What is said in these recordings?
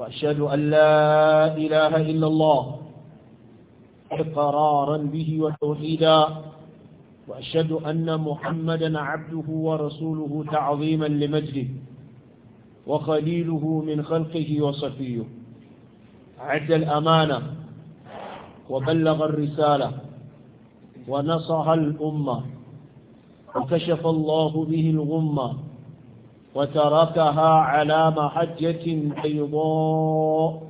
وأشهد أن لا إله إلا الله إقرارا به وتوحيدا وأشهد أن محمدا عبده ورسوله تعظيما لمجده وخليله من خلقه وصفيه عد الأمانة وبلغ الرسالة ونصح الأمة وكشف الله به الغمة وتركها على محجة بيضاء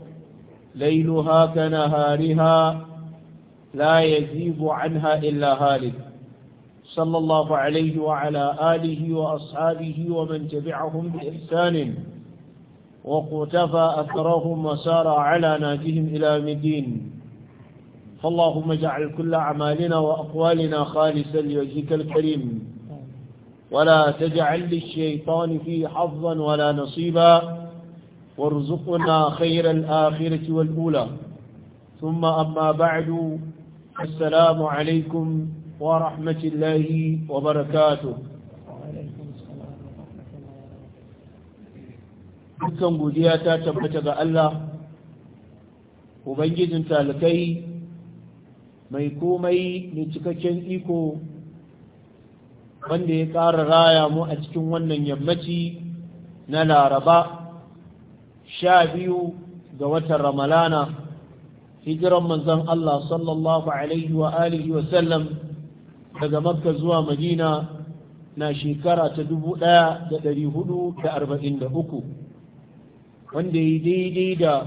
ليلها كنهارها لا يزيب عنها إلا هالك صلى الله عليه وعلى آله وأصحابه ومن تبعهم بإحسان وقتفى أثرهم وسار على ناجهم إلى مدين فاللهم اجعل كل أعمالنا وأقوالنا خالصا لوجهك الكريم ولا تجعل للشيطان في حظا ولا نصيبا وارزقنا خير الآخرة والأولى ثم أما بعد السلام عليكم ورحمة الله وبركاته dukkan godiya ta tabbata ga Allah ubangijin talakai mai komai mai cikakken iko wanda ya ƙara raya mu a cikin wannan yammaci na laraba sha biyu ga watan ramalana hijiran manzon Allah sallallahu alaihi wa alihi wa sallam daga makka zuwa madina na shekara ta dubu ɗaya da ɗari hudu da arba'in da uku wanda ya daidai da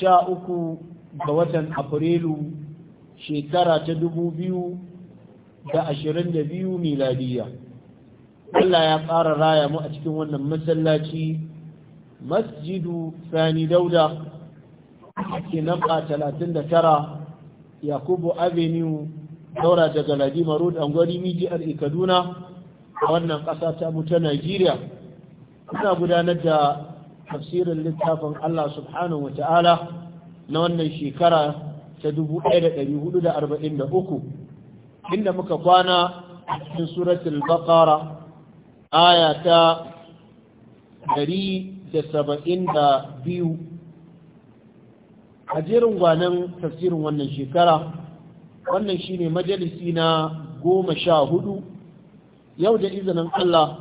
sha uku ga watan afrilu shekara ta dubu biyu da ashirin da biyu miladiya Allah ya ƙara raya mu a cikin wannan masallaci masjidu sani dauda ke namba talatin da tara yakubu avenue daura daga ladima road gwani mijiyar kaduna a wannan ƙasa ta mutu nigeria najeriya gudanar da tafsirin littafin allah subhanahu wa ta'ala na wannan shekara ta 1443 inda muka kwana a cikin suratul baqara aya ta 172 a jerin gwanan tafsirin wannan shekara wannan shine majalisi na goma sha hudu yau da izinin Allah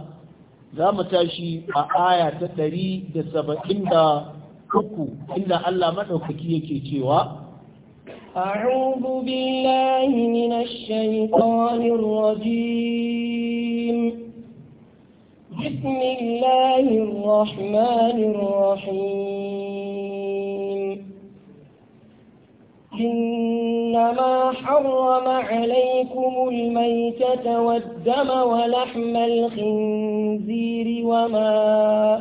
za mu tashi a aya ta 173 inda Allah maɗaukaki yake cewa أعوذ بالله من الشيطان الرجيم بسم الله الرحمن الرحيم إنما حرم عليكم الميتة والدم ولحم الخنزير وما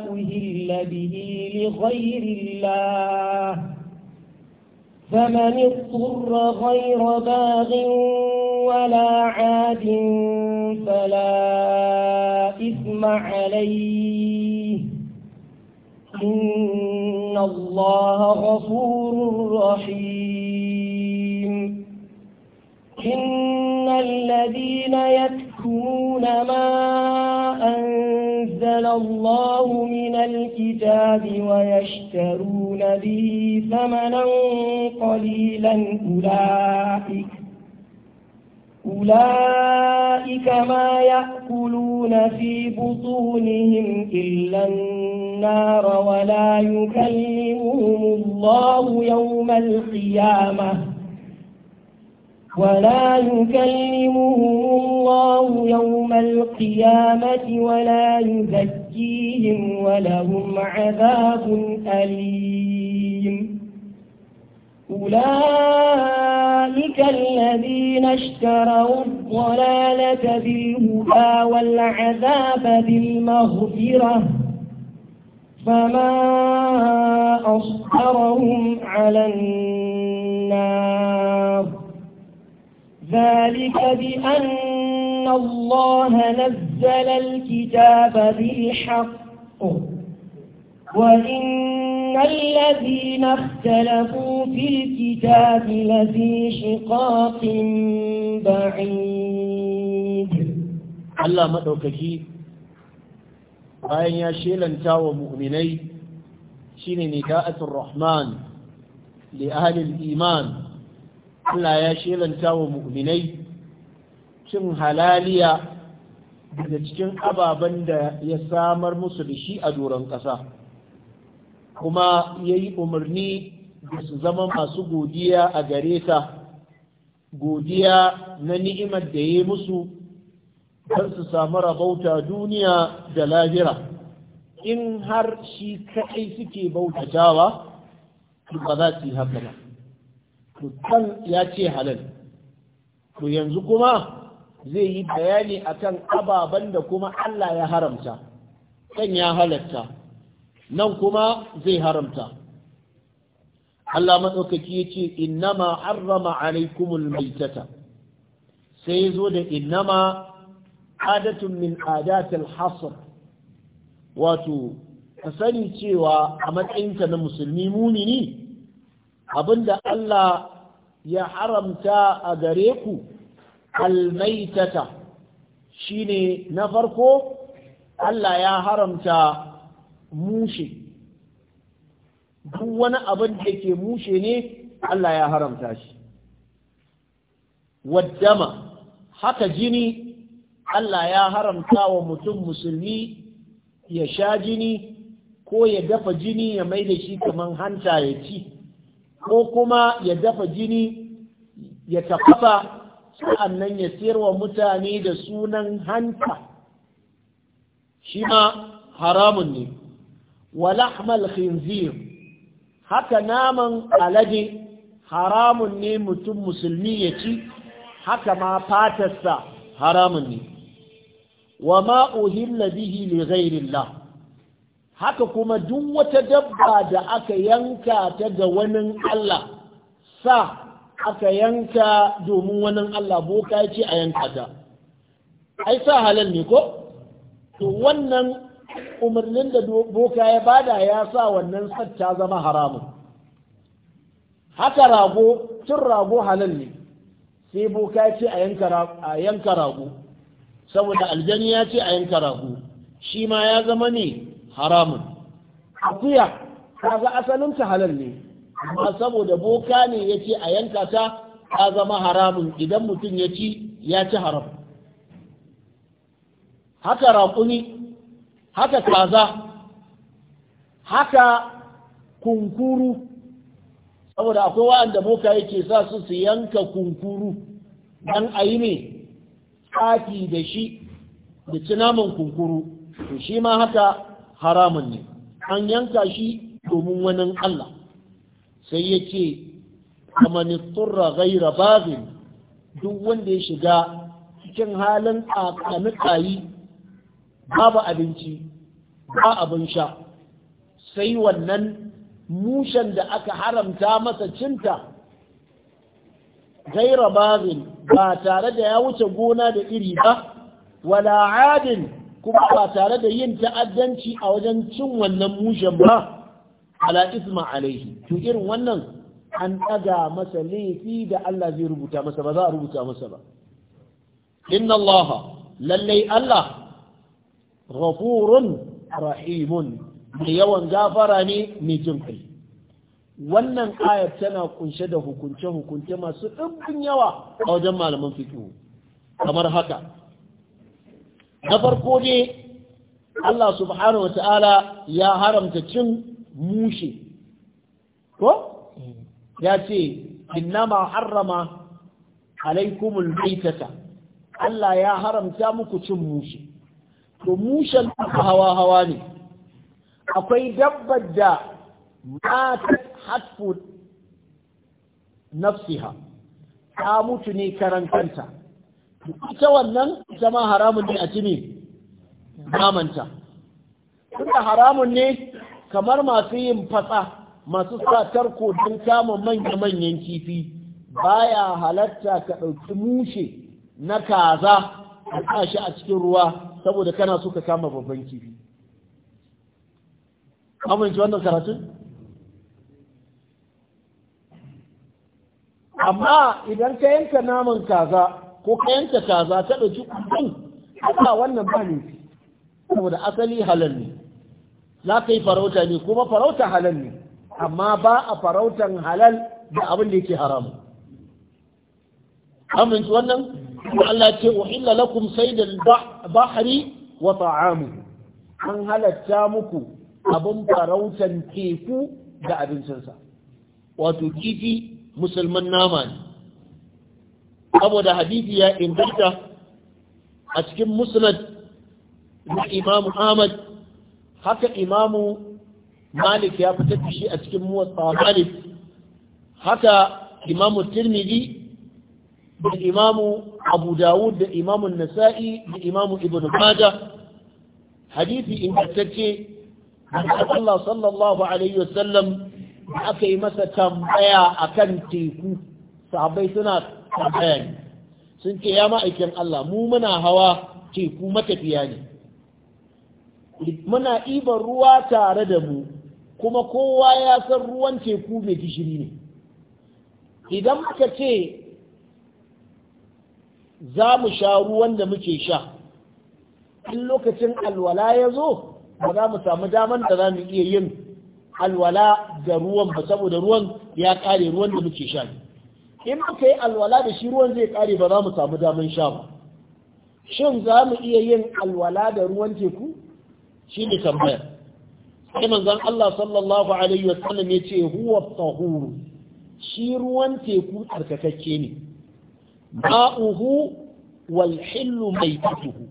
أهل به لغير الله فمن اضطر غير باغ ولا عاد فلا إثم عليه إن الله غفور رحيم إن الذين يتكون ما أنزل الله من الكتاب ويشترون به ثمنا قليلا أولئك أولئك ما يأكلون في بطونهم إلا النار ولا يكلمهم الله يوم القيامة ولا يكلمهم الله يوم القيامة ولا يزكيهم ولهم عذاب أليم أولئك الذين اشتروا الضلالة بالهدى والعذاب بالمغفرة فما أصبرهم على النار ذلك بأن الله نزل الكتاب بالحق وإن الذين اختلفوا في الكتاب لفي شقاق بعيد الله مدوككي bayan ya shelanta wa mu'minai شين nida'atul الرحمن لأهل الإيمان Allah ya shelanta wa mu'minai cin halaliya daga cikin ababen da ya samar musu da shi a doron ƙasa kuma ya yi umarni da su zama masu godiya a gare ta godiya na ni'imar da ya musu don su samu rabauta duniya da lahira in har shi kaɗai suke bautatawa ba za su yi haka ba to ya ce halal to yanzu kuma zai yi bayani akan ababen da kuma Allah ya haramta kan ya halatta nan kuma zai haramta Allah matsaukaki ya ce innama harrama alaikumul maitata sai zo da innama adatun min adatul hasr wato ka sani cewa a matsayinka na musulmi mumini da Allah ya haramta a gare ku almaitata shine na farko Allah ya haramta mushe duk wani abin da ke mushe ne Allah ya haramta shi waddama haka jini Allah ya haramta wa mutum musulmi ya sha jini ko ya dafa jini ya mai da shi kamar hanta ya ci ko kuma ya dafa jini ya tafafa sa'annan ya wa mutane da sunan hanta shi ma haramun ne wa khinzir haka naman alade haramun ne mutum musulmi ya ci haka ma fatarsa haramun ne wa ma uhilla bihi li ghairillah haka kuma duk wata dabba da aka yanka ta ga wani Allah sa aka yanka domin wani Allah boka ce a yanka ta ai sa halal ne ko to wannan umarnin da boka ya bada ya sa wannan satta zama haramun haka rago cin rago halal ne sai boka ce a yanka rago saboda aljani ya ce a yanka rago shi ma ya zama ne haramun akuya kaga ta halal ne amma saboda boka ne yace a yanka ta ta zama haramun idan mutum ya ci ya ci haram haka raƙuni haka kaza haka kunkuru saboda akwai wa'anda boka yake sa su su yanka kunkuru dan a yi ne, tsaki da shi da naman kunkuru to shi ma haka haramun ne an yanka shi domin wani Allah sai ya ce amani turra gaira babin duk wanda ya shiga cikin halin tsakanin tsayi, babu abinci ba abin sha sai wannan mushen da aka haramta masa cinta gaira babin ba tare da ya wuce gona da iri ba wala adin kuma ba tare da yin ta'addanci a wajen cin wannan mushen ba ala isma alaihi to irin wannan an ɗaga masa laifi da Allah zai rubuta masa ba za a rubuta masa ba inna lallai Allah ghafurun rahimun mai yawan gafara ne mai jin kai wannan ayat tana kunshe da hukunce-hukunce masu ɗimbin yawa a wajen malaman fikihu kamar haka na farko ne Allah subhanahu wa ta'ala ya haramta cin mushi. ko? ya ce innama harrama alaikumul baitata Allah ya haramta muku cin mushi. to mushen hawa hawa ne akwai dabbar da matat hatfu nafsiha ta mutu ne karantanta ita wannan zama haramun ne a cini namanta tunda haramun ne kamar masu yin fasa masu sa tarko don kama manya-manyan kifi baya halatta ka ɗauki mushe na kaza a shi a cikin ruwa saboda kana so ka kama babban kifi amince wannan karatun? amma idan ka yanka naman kaza ko ka yanka kaza ta ɗauki kuɗin ba wannan ba ne saboda asali halal ne za ka yi farauta ne kuma farauta halal ne amma ba a farautan halal da abin da yake haramu amince wannan Allah ce uhilla lakum saydal bahri wa ta'amuhu an halatta muku abin farautan teku da abincinsa wato kifi musulman nama ne saboda hadisi ya inganta a cikin musnad na imamu ahmad haka imamu malik ya fitar da shi a cikin muwatsa malik haka imamu tirmidhi da imamu abu dawud da imamu nasa'i da imamu ibn maja hadisi ingantacce Allah sallallahu alaihi wasallam aka yi masa tambaya akan teku sahabbai suna tambaya ne sun ce ya ma'aikin Allah mu muna hawa teku matafiya ne muna ibar ruwa tare da mu kuma kowa ya san ruwan teku mai gishiri ne idan muka ce za mu sha ruwan da muke sha in lokacin alwala ya zo ba za mu samu daman da za mu iya yin alwala da ruwan ba saboda ruwan ya kare ruwan da muke sha ne in muka yi alwala da shi ruwan zai kare ba za mu samu daman sha ba shin za mu iya yin alwala da ruwan teku shi ne tambayar sai manzon Allah sallallahu alaihi wa ya yace huwa tahur shi ruwan teku tsarkakakke ne ma'uhu wal hillu maitatuhu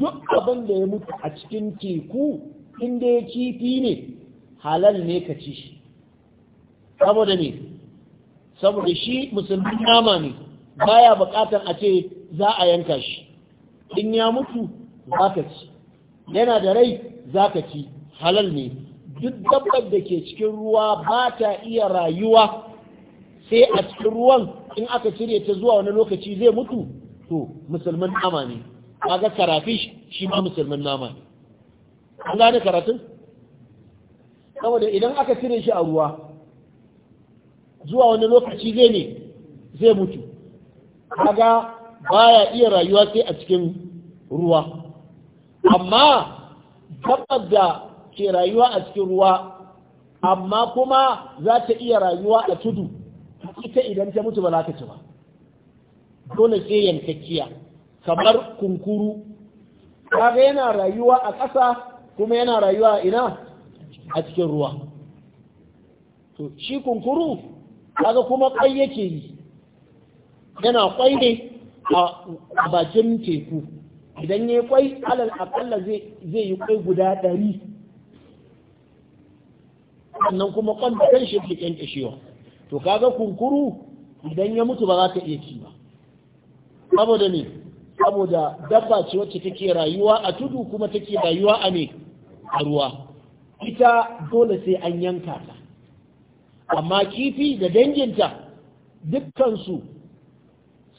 duk abin da ya mutu a cikin teku inda ya kifi ne halal ne ka ci shi saboda ne saboda shi musulmi nama ne baya bukatar a ce za a yanka shi in ya mutu za ka ci yana da rai za ka ci halal ne duk dabbar da ke cikin ruwa ba ta iya rayuwa sai a cikin ruwan in aka cire ta zuwa wani lokaci zai mutu to musulmin nama ne ga karafish shi ma musulmin nama ne an gane karatun saboda idan aka cire shi a ruwa zuwa wani lokaci zai ne zai mutu kaga baya iya rayuwa sai a cikin ruwa amma dabbar da ke rayuwa a cikin ruwa amma kuma za ta iya rayuwa a tudu ita idan ta mutu ba za ta ci ba dole sai yankakkiya kamar kunkuru kaga yana rayuwa a ƙasa kuma yana rayuwa ina a cikin ruwa to shi kunkuru kaga kuma kwai yake yi yana kwai ne a bakin teku idan ya kwai alal akalla zai yi kwai guda ɗari sannan kuma kwan da shi ke kyankyashewa to kaga kunkuru idan ya mutu ba za ka iya ci ba saboda ne saboda dabba ce wacce take rayuwa a tudu kuma take rayuwa a ne a ruwa ita dole sai an yanka ta amma kifi da danginta dukkansu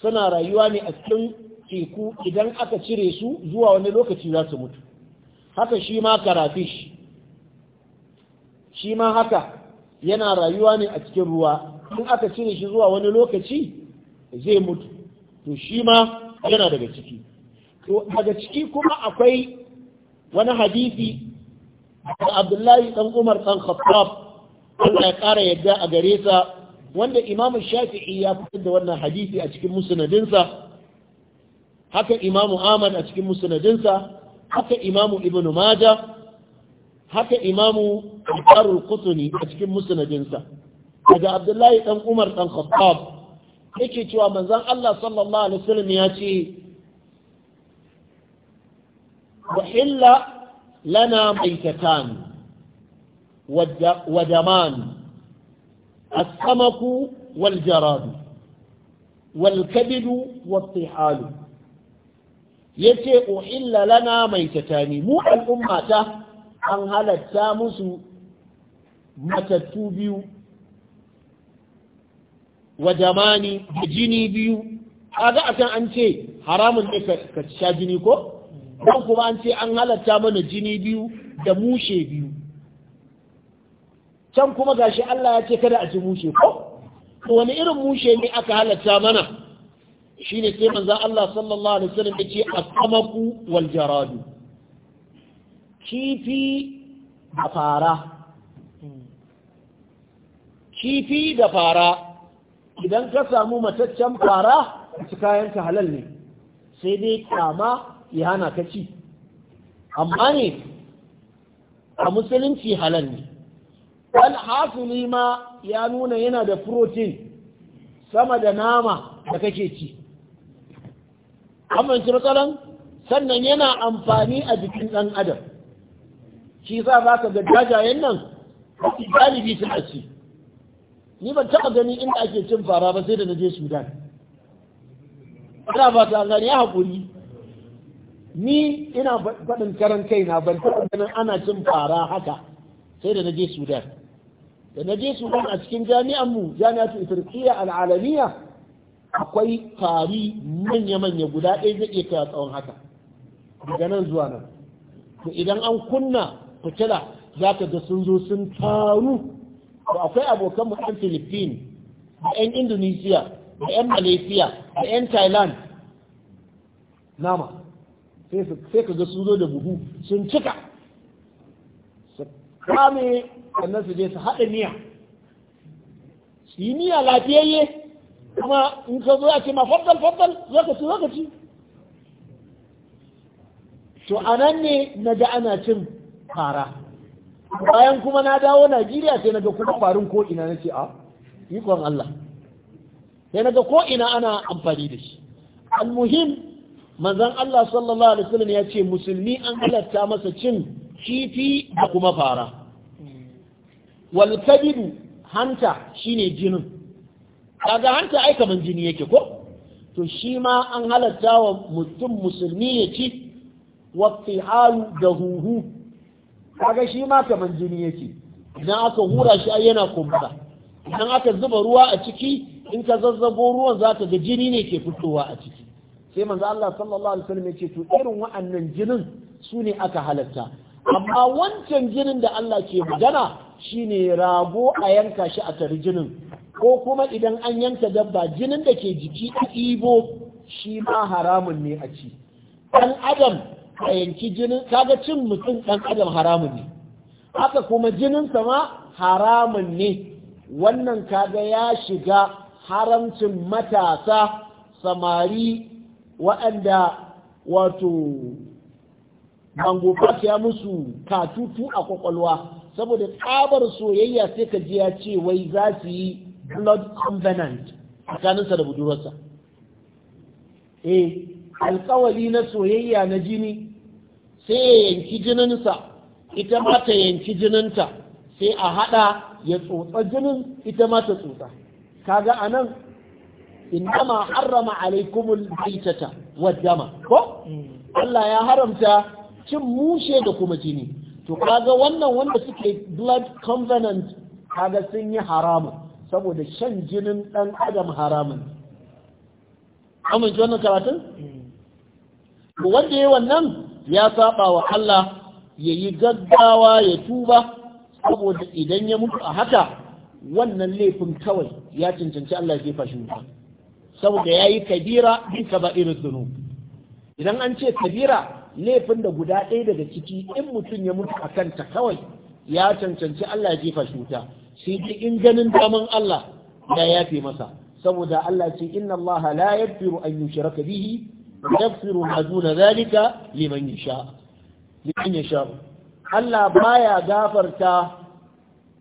suna rayuwa ne a cikin teku idan aka cire su zuwa wani lokaci za su mutu haka shi ma karafish shi ma haka yana rayuwa ne a cikin ruwa in aka cire shi zuwa wani lokaci zai mutu to shi ma yana daga ciki to daga ciki kuma akwai wani hadisi da abdullahi Dan umar dan khattab Allah ya ƙara yadda a gare sa wanda Imam Shafi'i ya fitar da wannan hadisi a cikin musnadinsa haka Imam Ahmad a cikin musnadinsa haka Imam Ibn Majah haka Imam Al-Qarul Qutni a cikin musnadinsa daga Abdullahi dan Umar dan Khattab yake cewa manzon Allah sallallahu alaihi wasallam ya ce wa illa lana maitatan ودمان السمك والجراد والكبد والطحال yace uhilla lana maitatani mu al'ummata an halatta musu matattu biyu wa jamani da jini biyu kaga akan an ce haramun ne ka sha jini ko don kuma an ce an halatta mana jini biyu da mushe biyu can kuma gashi Allah ya ce kada a ci mushe ko wani irin mushe ne aka halatta mana shine sai manzon Allah sallallahu alaihi wasallam yace as-samaku wal jaradu kifi da fara kifi da fara idan ka samu mataccen fara ci kayanka halal ne sai dai kama ya hana ka ci amma ne a musulunci halal ne wal hasili ma ya nuna yana da protein sama da nama da kake ci amince matsalan sannan yana amfani a jikin ɗan adam shi sa za ka ga jajayen nan galibi suna ci ni ban taba gani inda ake cin fara ba sai da na je sudan ina ba ta gani ya haƙuri ni ina faɗin karan kaina ban taɓa ganin ana cin fara haka sai da na je sudan da na je sudan a cikin jami'an mu jami'atu turkiya al'alamiya akwai fari manya-manya guda ɗaya zai iya kaya tsawon haka daga nan zuwa nan to idan an kunna fitila za ka ga sun zo sun taru to akwai abokan mu ɗan philippine da 'yan indonesia da 'yan malaysia da 'yan thailand nama sai ka ga sun zo da buhu sun cika su kame sannan su je su haɗa niya su yi niya lafiyayye kuma in ka zo a ce ma faddal faddal lokaci ka ci ka ci to a nan ne na ga ana cin fara bayan kuma na dawo najeriya sai na ga kuma farin ko'ina na ce a ah, ikon allah sai na ga ko'ina ana amfani da shi almuhim manzan allah sallallahu alaihi wasallam ya ce musulmi an halatta masa cin kifi da kuma fara walkabidu kabidu hanta shine jinin kaga hanta ai kaman jini yake ko to shi ma an halatta wa mutum musulmi ya ci wa fi'alu da huhu kaga shi ma kaman jini yake idan aka hura shi ai yana kumbura idan aka zuba ruwa a ciki in ka zazzabo ruwan zaka ga jini ne ke fitowa a ciki sai manzo Allah sallallahu alaihi wasallam ya ce to irin wa'annan jinin su ne aka halatta amma wancan jinin da Allah ke magana shine rago a yanka shi a tari jinin ko kuma idan an yanka dabba jinin da ke jiki a ibo shi ma haramun ne a ci ɗan adam a yanki jinin kaga cin mutum ɗan adam haramun ne haka kuma jininsa ma haramun ne wannan kaga ya shiga haramcin matasa samari waɗanda wato bangofa ya musu katutu a kwakwalwa saboda tsabar soyayya sai ka ji ya ce wai za su yi blood covenant tsakaninsa da budurarsa eh alkawali na soyayya na jini sai ya yanki jininsa ita ma ta yanki jininta sai a hada ya tsotsa jinin ita ma ta tsotsa kaga anan innama harrama alaikumul baitata wad dama ko mm. Allah ya haramta cin mushe da kuma jini to kaga wannan wanda suke blood covenant kaga sun yi haramun saboda shan jinin ɗan adam haramun amince wannan karatun? wanda ya wannan ya saba wa Allah yayi gaggawa ya tuba saboda idan ya mutu a haka wannan laifin kawai ya cancanci Allah ya fashi shi saboda ya kabira bi ba idan an ce kabira laifin da guda ɗaya daga ciki in mutum ya mutu a kanta kawai ya cancanci Allah ya jefa shi wuta sai dai in ganin daman Allah ya yafe masa saboda Allah ce inna Allah la yaghfiru an yushraka bihi yaghfiru ma duna zalika liman yasha liman yasha Allah baya gafarta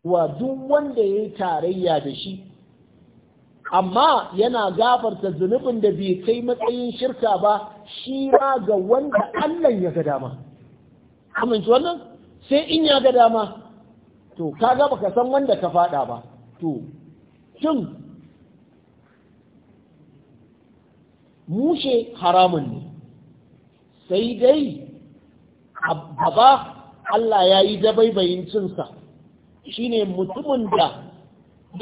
wa duk wanda yayi tarayya da shi amma yana gafarta zunubin da bai kai matsayin shirka ba shi ma ga wanda Allah ya ga dama amince wannan sai in ya ga dama to kaga baka san wanda ka faɗa ba to shin mushe haramun ne sai dai baba Allah ya yi dabaibayin cinsa ne mutumin da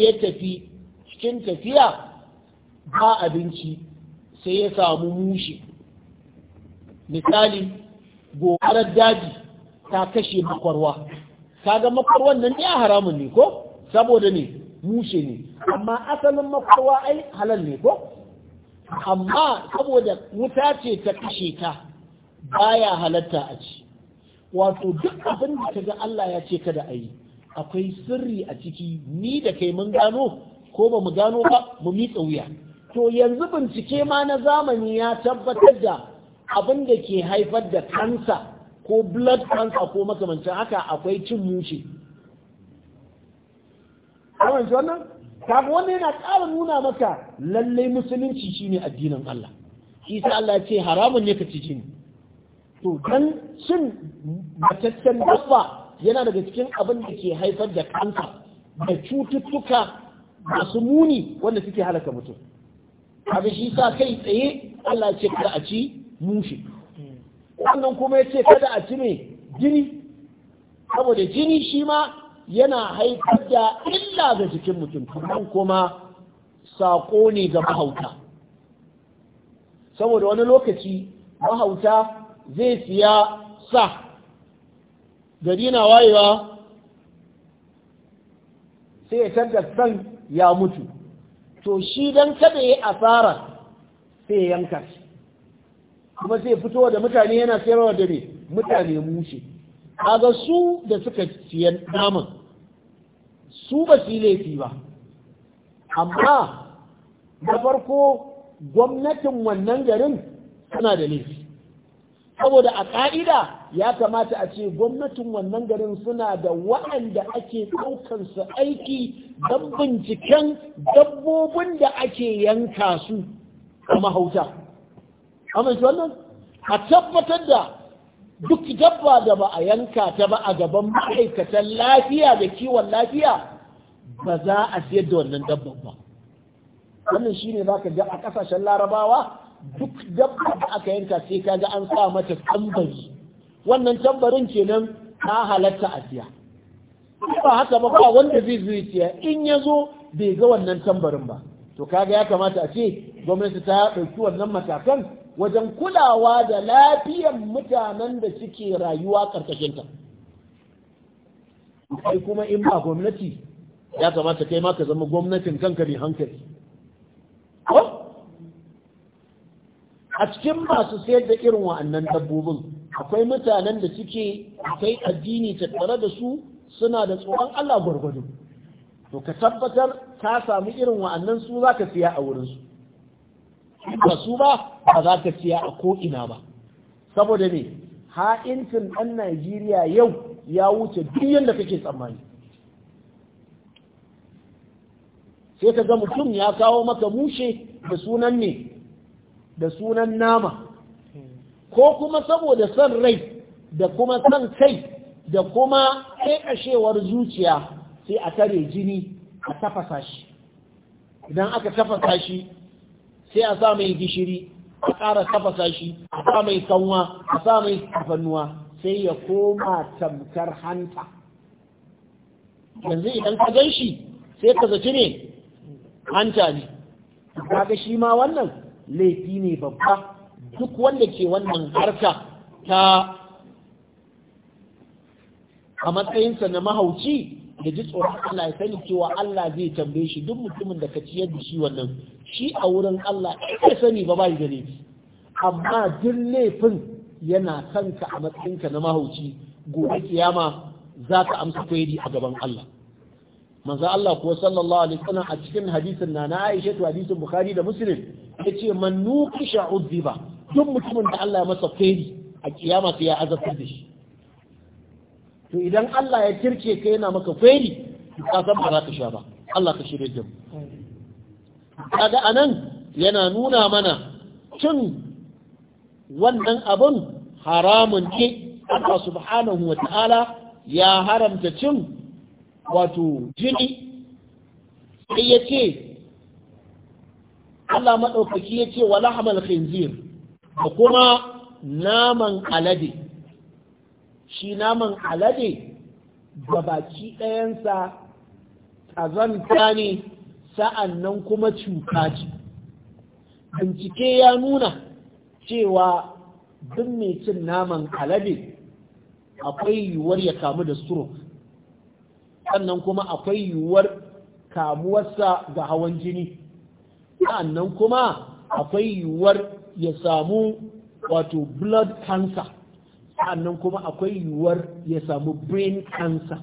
ya tafi cikin tafiya ba abinci sai ya samu mushe misali gobarar daji ta kashe makwarwa kaga makwarwan nan a haramun ne ko saboda ne mushe ne amma asalin makwarwa ai halal ne ko amma saboda wuta ce ta kashe ta baya halatta a ci wato duk abin da ga Allah ya ce kada a yi akwai sirri a ciki ni da kai mun gano ko ba mu gano ba mu miƙa wuya to yanzu bincike ma na zamani ya tabbatar da abin da ke haifar da kansa ko blood cancer ko makamancin haka akwai cin mushe kawanci wannan kafin wannan yana ƙara nuna maka lallai musulunci shi ne addinin Allah isa Allah ce haramun ne ka ci jini to dan cin mataccen dabba yana daga cikin abin da ke haifar da kansa da cututtuka masu muni wanda suke halaka mutum abin shi sa kai tsaye Allah ce kada a ci mushi wannan kuma ya ce kada a ci cire jini saboda jini shi ma yana haifar da illa ga jikin mutum nan kuma saƙo ne ga mahauta saboda wani lokaci mahauta zai siya sa gari na wayewa sai ya canza san ya mutu to shi don kada ya asara sai ya yanka shi kuma zai fito da mutane yana sayarwa da ne mutane mushe kaga su da suka siyan naman su ba su laifi ba amma na farko gwamnatin wannan garin suna da laifi saboda a ƙa'ida ya kamata a ce gwamnatin wannan garin suna da waɗanda ake ɗaukansu aiki don binciken dabbobin da ake yanka su a mahauta amma shi wannan a tabbatar da duk dabba da ba a yanka ta ba a gaban ma'aikatan lafiya da kiwon lafiya ba za a siyar da wannan dabban ba wannan shine zaka ga a kasashen larabawa duk dabba da aka yanka sai ka ga an sa mata tambari wannan tambarin kenan ta halatta a siya ba haka ba ba wanda zai zuwa in ya zo bai ga wannan tambarin ba to kaga ya kamata a ce gwamnati ta ɗauki wannan matakan wajen kulawa da lafiyan mutanen da suke rayuwa ƙarƙashinta kai kuma in ba gwamnati ya kamata kai ma ka zama gwamnatin kanka mai hankali a cikin masu sayar da irin wa'annan dabbobin akwai mutanen da suke kai addini tattare da su suna da tsoron Allah gwargwado to ka tabbatar ka samu irin wa'annan su za ka siya a wurinsu ba su ba ba za ka siya a ko'ina ba saboda ne ha'incin ɗan najeriya yau ya wuce duk yadda kake tsammani sai ka ga mutum ya kawo maka mushe da sunan ne da sunan nama ko kuma saboda son rai da kuma son kai da kuma kai zuciya sai a tare jini a tafasa shi idan aka tafasa shi sai a sa mai gishiri a ƙara tafasa shi a sa mai kanwa a sa mai tafannuwa sai ya koma tamkar hanta yanzu idan ka gan shi sai ka zaci ne hanta ne kaga shi ma wannan laifi ne babba duk wanda ke wannan harka ta a matsayinsa na mahauci ya ji tsoron Allah ya sani cewa Allah zai tambaye shi duk mutumin da ka ciyar da shi wannan shi a wurin Allah ya sani ba bai da laifi amma duk laifin yana kanka a matsayinka na mahauci gobe kiyama za ka amsa kwaidi a gaban Allah manzo Allah kuwa sallallahu alaihi wasallam a cikin hadisin na na Aisha to hadisin Bukhari da Muslim yace man nuqisha udhiba duk mutumin da Allah ya masa kwaidi a kiyama sai ya azabtar da shi to idan Allah ya kirce ka yana maka fairi ka san ba za ka sha ba Allah ka shirye da mu kaga anan yana nuna mana cin wannan abun haramun ne Allah subhanahu wa ta'ala ya haramta cin wato jini sai ya ce Allah maɗaukaki ya ce wa lahamal khinzir da kuma naman alade shi naman alade ga baki ɗayansa ƙazanta ne sa'an nan kuma cuta ce bincike ya nuna cewa duk mai cin naman alade akwai yiwuwar ya kamu da stroke sannan kuma akwai yiwuwar kamuwarsa ga hawan jini nan kuma akwai yiwuwar ya samu wato blood cancer sa'annan kuma akwai yiwuwar ya samu brain cancer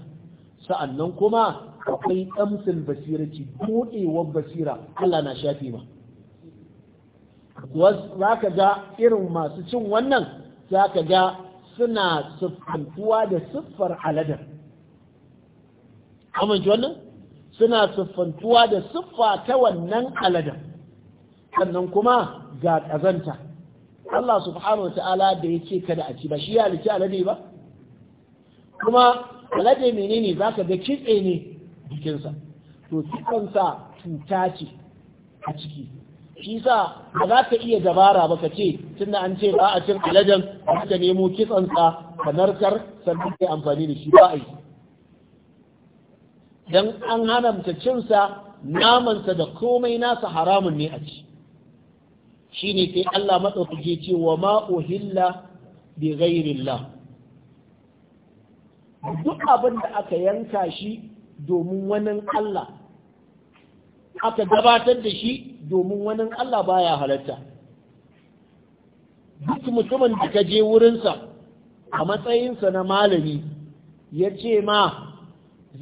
sa'annan kuma akwai basira basirarci buɗewar basira Allah na shafi ma za ka ga irin masu cin wannan za ka ga suna siffantuwa da siffar aladar amince wannan suna siffantuwa da siffa ta wannan aladar sannan kuma ga ƙazanta Allah subhanahu wa ta'ala da ya ce kada a ci ba shi ya alade ba kuma alade menene zaka ga kitse ne jikinsa to kitsansa cuta ce a ciki shi sa ba za ka iya dabara ba ka ce tun da an ce ba a cin aladen ka nemo kitsansa ka narkar sannan ka amfani da shi ba a yi dan an haramta cinsa namansa da komai nasa haramun ne a ciki shine sai Allah madaukake ce wa ma uhilla bi ghairillah duk abin da aka yanka shi domin wani Allah aka gabatar da shi domin wani Allah baya halarta. duk mutumin da ka je wurinsa a matsayinsa na malami ya ce ma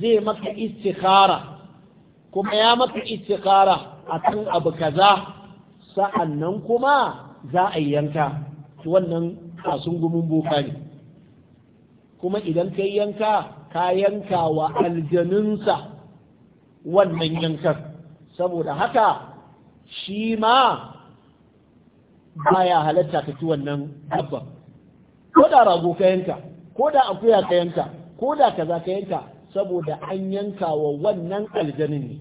zai maka istikara, kuma ya maka istikhara akan abu kaza sa'an nan kuma za a yi yanka wannan kasun gumin boka ne kuma idan ka yanka ka yanka wa aljaninsa wannan yankar saboda haka shi ma baya halatta ka ci wannan dabba ko da rago ka yanka ko da akuya ka yanka ko da kaza ka yanka saboda an yanka wa wannan aljanin ne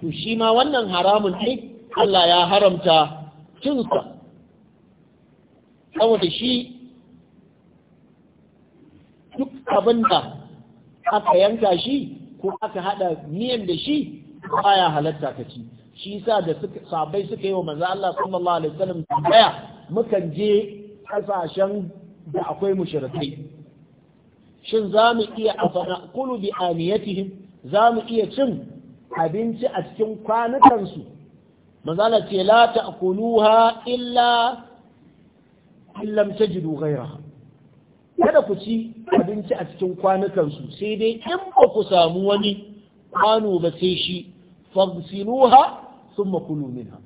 to shi ma wannan haramun ne Allah ya haramta cinsa saboda shi duk abinda aka yanka shi ko aka haɗa miyan da shi baya halatta ka ci shi sa da sabai suka yi wa manzo Allah sallallahu alaihi wasallam tambaya mukan je kasashen da akwai mushrikai shin za mu iya afana kulu bi aniyatihim za mu iya cin abinci a cikin kwanukansu manzala ce la ta'kuluha illa illam tajidu ghayraha kada ku ci abinci a cikin kwanukansu sai dai in ba ku samu wani kwano ba sai shi fagsiluha thumma kulu minha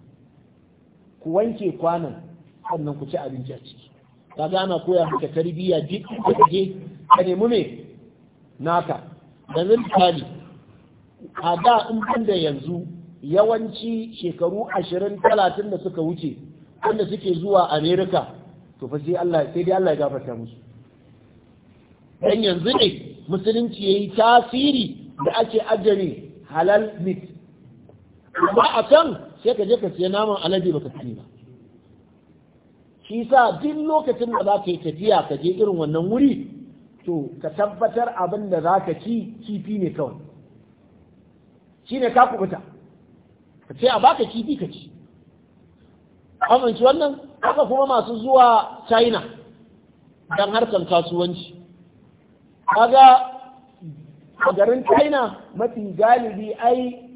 ku wanke kwanan sannan ku ci abinci a ciki kaga ana koya maka tarbiyya duk da je ka nemi naka da zan a da in banda yanzu yawanci shekaru ashirin talatin da suka wuce wanda suke zuwa amerika to fa sai dai Allah ya gafarta musu dan yanzu ne musulunci yayi tasiri da ake ajare halal meat amma a kan sai ka je ka siya naman alade baka sani ba shi sa duk lokacin da za ka yi tafiya ka je irin wannan wuri to ka tabbatar abin da za ka ci kifi ne kawai ne ka kubuta ka ce a baka kifi ka ci amince wannan haka kuma masu zuwa china don harkar kasuwanci kaga a garin china mafi galibi ai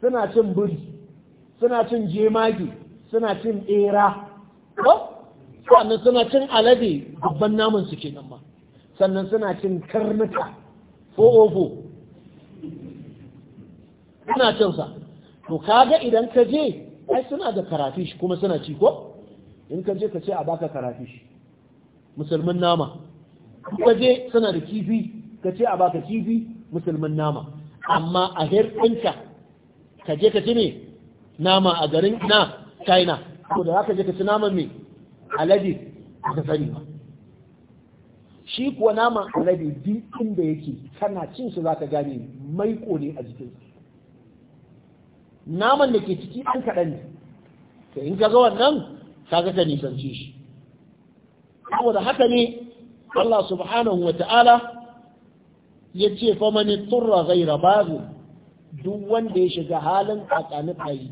suna cin buri suna cin jemage suna cin ɗera ko sannan suna cin alade babban namun su nan ma sannan suna cin karnuka ko ofo suna cinsa sa to kaga idan ka je ai suna da karafish kuma suna ci ko in ka je ka ce a baka shi musulmin nama ka je suna da kifi ka ce a baka kifi musulmin nama amma a hirɗinka ka je ka ci ne nama a garin na china ko da za ka je ka ci nama mai alade ba ka sani ba shi kuwa nama alade din inda yake kana cin shi zaka gane mai ne a jikinsa naman da ke ciki ɗan kaɗan ne to in ka ga wannan kaga ka nisanci shi saboda haka ne Allah subhanahu wa ta'ala ya ce fa mani turra zai babu duk wanda ya shiga halin tsakanin ayi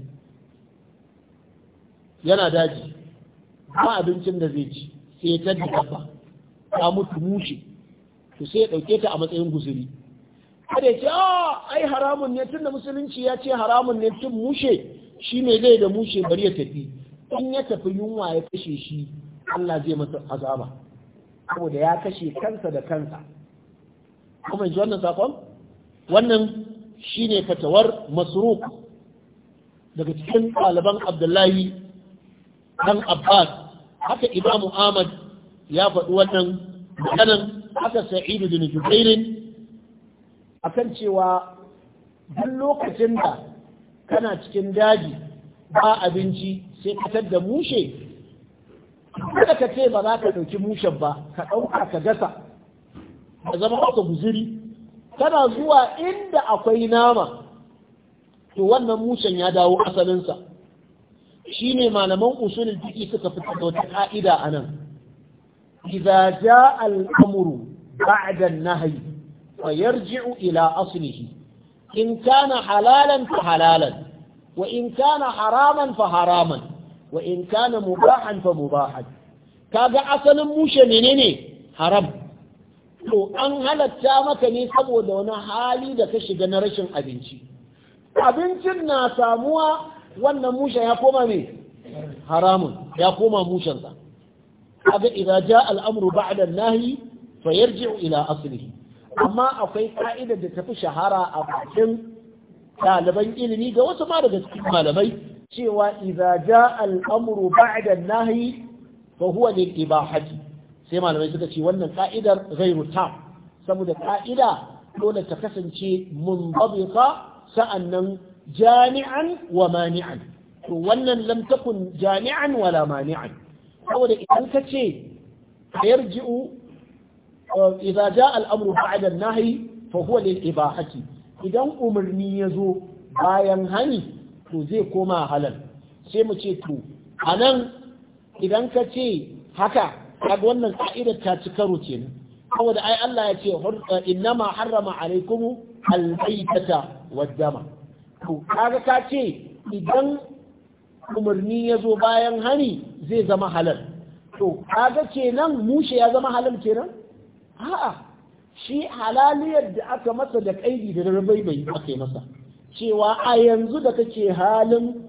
yana daji ba abincin da zai ci sai ya tadda ba, ta mutu mushe to sai ya ɗauke ta a matsayin guzuri kada ce a ah, ai haramun ne tun da musulunci ya ce haramun ne tun mushe shi ne zai da mushe bari ya tafi in ya tafi yunwa ya kashe shi Allah zai masa azaba saboda ya kashe kansa da kansa kuma ji wannan sakon wannan shi ne fatawar masruk daga cikin ɗaliban abdullahi ɗan abbas haka imamu ahmad ya faɗi wannan maganan haka sa'idu da jubairin A kan cewa duk lokacin da kana cikin daji ba abinci sai katar da mushe kada ka ce ba za ka ɗauki mushen ba ka ɗauka ka gasa ka zama haka guziri kana zuwa inda akwai nama to wannan mushen ya dawo asalinsa Shi shine malaman usulin jiki suka fi da wata ka'ida anan nan jaa al-amru ba'da fa yarji'u ila aslihi in kana halalan fa halalan wa in kana haraman fa haraman wa in kana mubahan fa mubahan kaga asalin mushe menene haram to an halatta maka ne saboda wani hali da ka shiga na rashin abinci abincin na samuwa wannan mushen ya koma ne haramun ya koma mushensa kaga idza jaa al-amru ba'da an-nahi fayarji'u ila aslihi amma akwai ka'ida da tafi shahara a bakin ɗaliban ilimi ga wasu ma daga cikin malamai cewa idza jaa al-amru ba'da an-nahi fa huwa lil ibahati sai malamai suka ce wannan ka'idar ghairu tam saboda ka'ida dole ta kasance munzabita sa'annan jami'an wa mani'an to wannan lam takun jami'an wala mani'an saboda idan ka ce yarji'u idza jaa al-amru ba'da an-nahy fa idan umarni yazo bayan hani to zai koma halal sai mu ce to anan idan ka ce haka kaga wannan ƙa'idar ta ci karo kenan saboda ai Allah ya ce innama harrama alaikum albaytata waddama to kaga ka ce idan umarni ya zo bayan hani zai zama halal to ga kenan mushe ya zama halal kenan a'a shi halaliyar da aka masa da kaidi da rabaibai aka yi masa cewa a yanzu da kake halin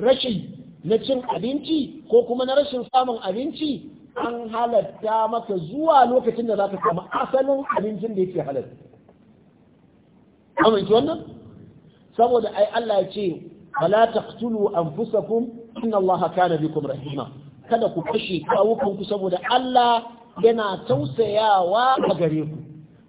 rashin na cin abinci ko kuma na rashin samun abinci an halatta maka zuwa lokacin da za ka samu asalin abincin da yake halatta. Amince wannan? Saboda ai Allah ya ce, "Bala taqtulu anfusakum inna Allah kana bikum rahima." Kada ku kashe kawukanku saboda Allah yana tausayawa a gare ku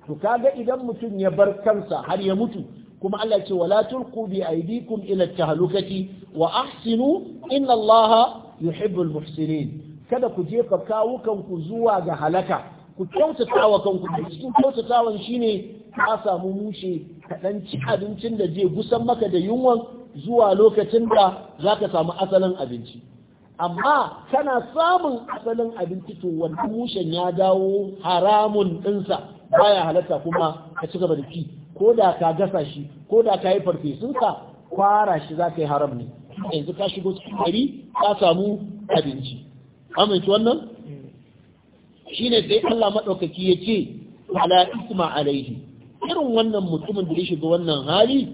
to kaga idan mutum ya bar kansa har ya mutu kuma Allah ce wala tulqu bi aydikum ila tahlukati wa ahsinu inna Allaha yuhibbul muhsinin kada ku jefa kawukan ku zuwa ga halaka ku kyautatawa kanku cikin kyautatawan shine ka samu mushe kaɗan ci abincin da zai gusan maka da yunwan zuwa lokacin da za ka samu asalin abinci amma kana samun asalin abinci to wannan mushen ya dawo haramun ɗinsa baya halatta kuma ka ci gaba da ci ko da ka gasa shi ko da ka yi farfesunsa kwara shi za ka yi haram ne yanzu ka shigo cikin gari ka samu abinci amince wannan shine sai Allah madaukaki ya ce ala isma alaihi irin wannan mutumin da ya shiga wannan hali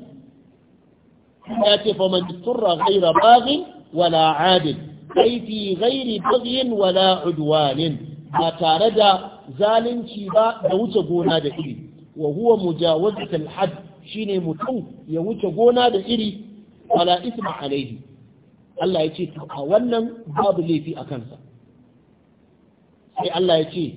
ya ce fa man turra ghaira baghin wala adil ai fi ghairi baghyin wala udwanin ba tare da zalunci ba da wuce gona da iri wa huwa mujawazatul hadd shine mutum ya wuce gona da iri wala isma alaihi Allah ya ce to a wannan babu laifi a kansa sai Allah ya ce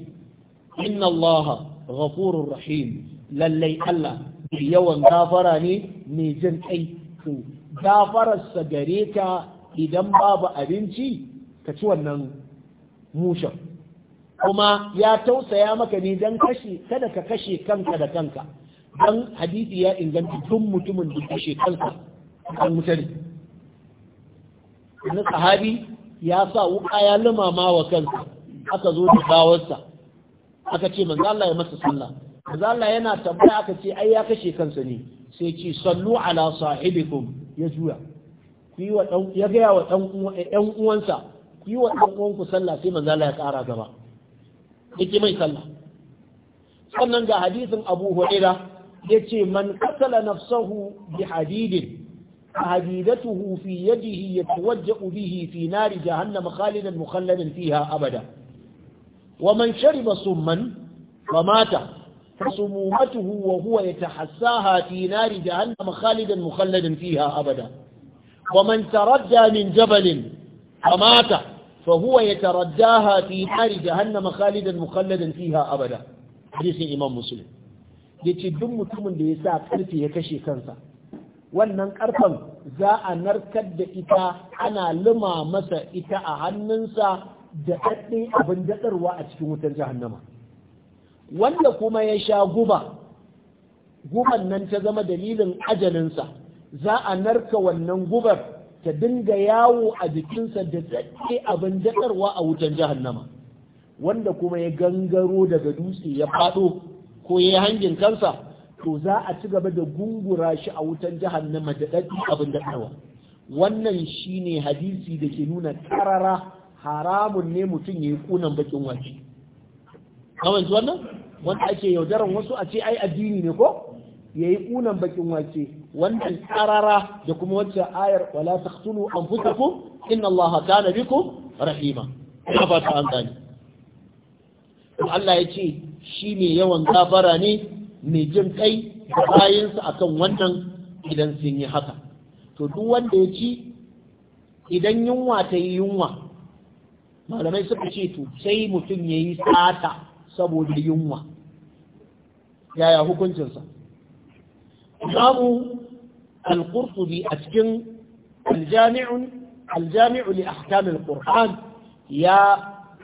inna Allah ghafurur rahim lallai Allah yawan gafara ne mai jin kai to gafararsa gare ka idan babu abinci ka ci wannan mushen kuma ya tausaya maka ne don kashe kada ka kashe kanka da kanka don hadisi ya inganta tun mutumin da kashe kansa kan mutane wani sahabi ya sa wuka ya lumama wa kansa aka zo da gawarsa aka ce manzo Allah ya masa sallah manzo Allah yana tambaya aka ce ai ya kashe kansa ne sai ce sallu ala sahibikum ya juya ku yi wa ya gaya wa ɗan uwansa ku yi wa ɗan uwanku sallah sai manzo Allah ya ƙara gaba yake mai sallah sannan ga hadisin Abu Huraira yace man qatala nafsahu bi hadidin فحديدته في يده يتوجأ به في نار جهنم خالدا مخلدا فيها أبدا ومن شرب سما فمات فسمومته وهو يتحساها في نار جهنم خالدا مخلدا فيها أبدا wa man min jabalin kamata, fa huwa yataraddaha fi nari jahannama khalidan mukhalladan fiha abada hadisin imam muslim yace duk mutumin da ya sa karfe ya kashe kansa wannan karfan za a narkar da ita ana luma masa ita a hannunsa da ɗaɗɗe abin daɗarwa a cikin wutar jahannama wanda kuma ya sha guba guban nan ta zama dalilin ajalinsa za a narka wannan gubar ta dinga yawo a jikinsa da tsakke abin daɗarwa a wutan jahannama wanda kuma ya gangaro daga dutse ya faɗo ko ya yi hangin kansa to za a ci gaba da gungura shi a wutan jahannama da daɗi abin daɗarwa wannan shi ne hadisi da ke nuna karara haramun ne mutum ya yi kunan bakin wake kawai wannan wanda ake yaudaran wasu a ce ai addini ne ko ya yi ƙunan bakin wake wannan ƙarara da kuma wacce ayar wala an taqtulu anfusakum inna allaha kana biku rahima ya ba ta an gani Allah ya ce shi ne yawan gafara ne mai jin kai da bayansa kan wannan idan sun yi haka to duk wanda ya ci idan yunwa ta yi yunwa malamai suka ce to sai mutum ya yi sata saboda yunwa yaya hukuncinsa imamu al-qurtubi a cikin aljami'un aljami'u li ahkam al-qur'an ya